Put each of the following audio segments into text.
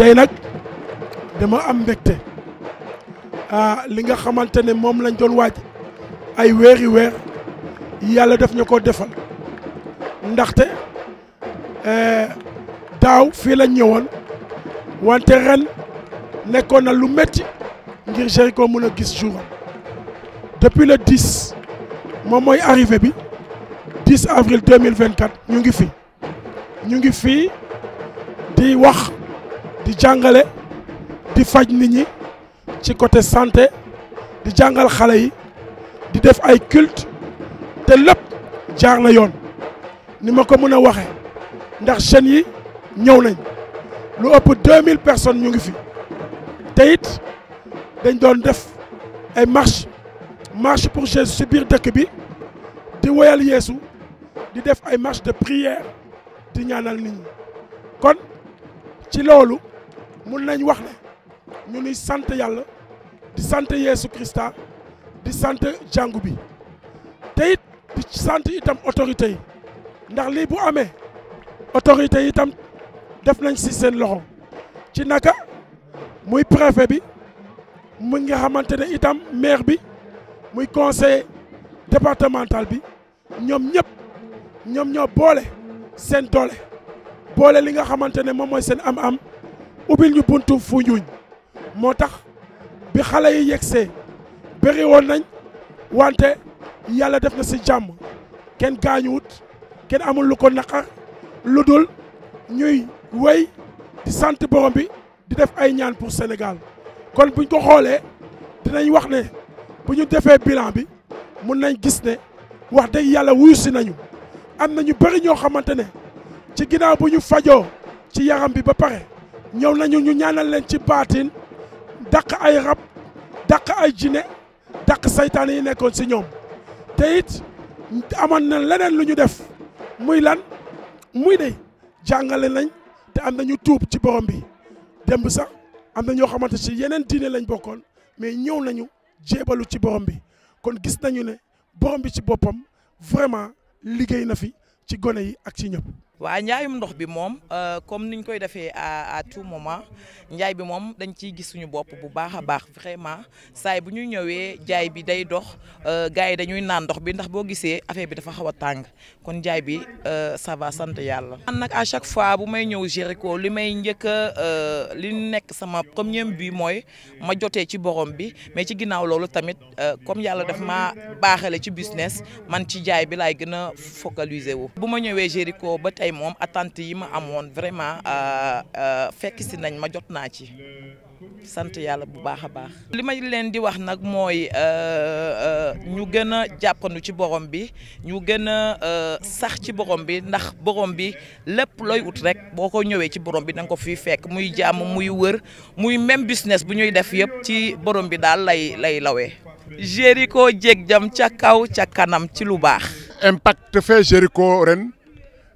tey nak dama am mbecté ah li nga xamante mom lañ doon waaj ay wéri weer yalla def ñu ko defal ndaxte eh, daw fi la ñëwoon wante ren nekkoon na lu metti ngir Jericho mëna gis jour depuis le 10 mom moy arrivé bi 10 avril 2024 ñu ngi fi ñu ngi fi di wax di jàngale di faj nit ñi ci côté santé di Nous xalé yi di def ay culte té lepp ko ndax yi 2000 personnes ñu ngi fi it dañ doon def ay marche marche pour Jésus Nous bir dëkk bi di woyal di marche de prière di ñaanal nit kon ci mun nañ wax ne ñu ngi sant di sant Yesu Krista di sant jàngu bi te it di sant itam autorité ndax li bu amé autorité itam def nañ ci sen loxo ci naka muy préfet bi mu nga xamante itam maire bi muy conseil départemental bi ñom ñep ñom ñoo bolé sen doole bolé li nga xamante ne moy sen am-am ubil ñu buntu fu ñuñ motax bi xalé yi yegsee bëri woon nañ wante yalla def na si jàmm kenn gaañuwut kenn amul lu ko naqar ñuy way di sant borom bi di def ay ñaan pour Sénégal kon buñ ko xolé dinañ wax né buñu défé bilan bi mun nañ gis né wax dëgg yalla wuyusi nañu am na ñu bëri ño xamante ci ginaaw buñu fajo ci yaram bi ba paré ñëw nañu ñu ñaanal leen ci baatin dàq ay rab dàq ay jine dàq seytaane yi nekkoon si ñoom te it amoon na leneen lu ñu def muy lan muy de jàngale nañ te am nañu tuub ci borom bi démb sax am na ñoo xamante ci yeneen diine lañ bokkoon mais ñëw nañu jéebalu ci borom bi kon gis nañu ne borom bi ci boppam vraiment liggéey na fi ci gone yi ak ci ñëpp waa njaayum ndox bi moom euh, comme niñ koy defee à à tout moment njaay bi moom dañ ciy gis suñu bopp bu baax a baax vraiment saay bu ñuy ñëwee jaay bi day dox euh, gars yi dañuy naan ndox bi ndax boo gisee affaire bi dafa xaw a tàng kon njaay bi euh, ça va sant yàlla. man nag à chaque fois bu may ñëw Jéricho li may njëkk a li nekk sama comme premier bi mooy ma jotee ci borom bi mais ci ginnaaw loolu tamit comme yàlla daf ma baaxale ci business man ci jaay bi laay gën a focaliser wu. bu ma ñëwee tey moom attente yi ma amone vraiment euh, euh, fekk si nañ ma jot naa ci sante yalla bu baax a baax. li ma di wax nag euh, euh ñu gëna jappanu ci borom bi ñu gëna euh sax ci borom bi ndax borom bi lepp loy ut rek boko ñëwé ci borom bi da ko fi fekk muy jamm muy wër muy même business bu ñuy def yëpp ci borom bi daal lay lay lawé Jericho djeg jam ca kaw ca kanam ci lu baax. impact fait Jericho ren.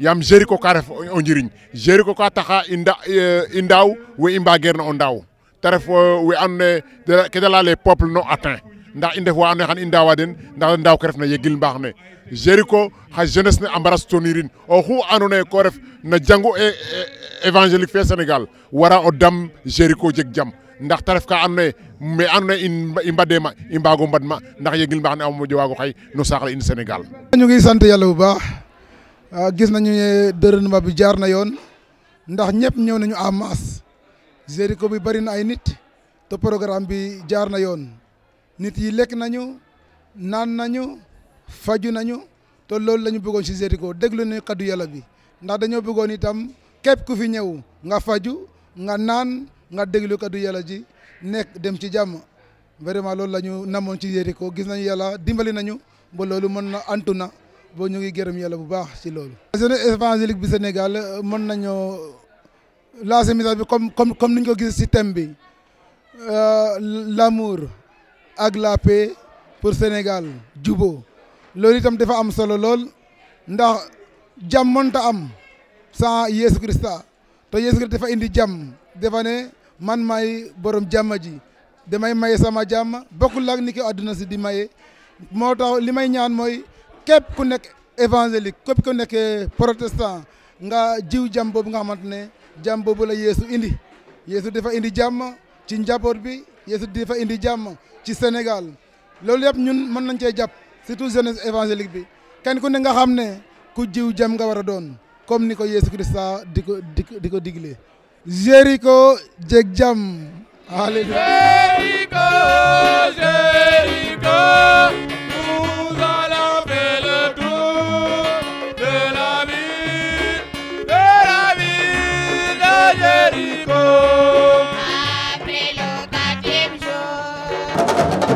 yam jeriko ka ref o njiriñ jeriko ka taxa i ndaaw we i mbageerna o ndaaw ta ref euh, we andoona yee ke da le peuple non atteint ndax i ndef wa andoona yee xan i ndaawa den ndax ndaaw ke refna yegil mbaax ne jeriko xa jeunesse ne a mbara soutenir oxu andoona yee ko ref na jangu e, e, évangélique fe Sénégal wara o dam jeriko jeg jam ndax ta ref ka andoona yee me andoona yee i mbadee ma i mbaag o ma ndax yegil mbaax ne a moƴo waag o no saax in Sénégal ñu ngi sant yàlla Ah, gis nañu ne dérèglement bi jaar na yoon ndax ñëpp ñëw nañu en masse Jéricho bi bari na ay nit te programme bi jaar na yoon nit yi lekk nañu naan nañu faju nañu te loolu lañu ñu bëggoon ci Jéricho déglu nañu kaddu yàlla bi ndax dañoo bëggoon itam képp ku fi ñëw nga faju nga naan nga déglu kaddu yàlla ji nekk dem ci jàmm vraiment loolu la ñu namoon ci Jéricho gis nañu yàlla dimbali nañu ba loolu mën na antu na boo ñu gi gërëm yàlla bu baax ci loolu. jeunesse évangélique bi Sénégal mën nañoo lancer message bi comme comme comme ni ko gis ci thème bi euh, ak la pour Sénégal jubóo loolu itam dafa am solo lool ndax jàmm mënta am sans Yeesu Krista te Yeesu Krista dafa indi jàmm dafa man may borom jàmm ji damay may sama jàmm bokkul ak ni ko àdduna si di maye moo tax li may ñaan mooy. képp ku nekk évangélique képp ku nekk protestant nga jiw jàmm boobu nga xamante ne jàmm boobu la yéesu indi yeesu dafa indi jàmm ci njaboot bi yeesu dafa indi jàmm ci Sénégal loolu yëpp ñun mën nañ cee jàpp surtout jeunesse évangélique bi kenn ku ne nga xam ne ku jiw jàmm nga war a doon comme ni ko yeesu Christa di ko di di ko digle. Jéricho jeg jàmm. Alléluia. Thank you.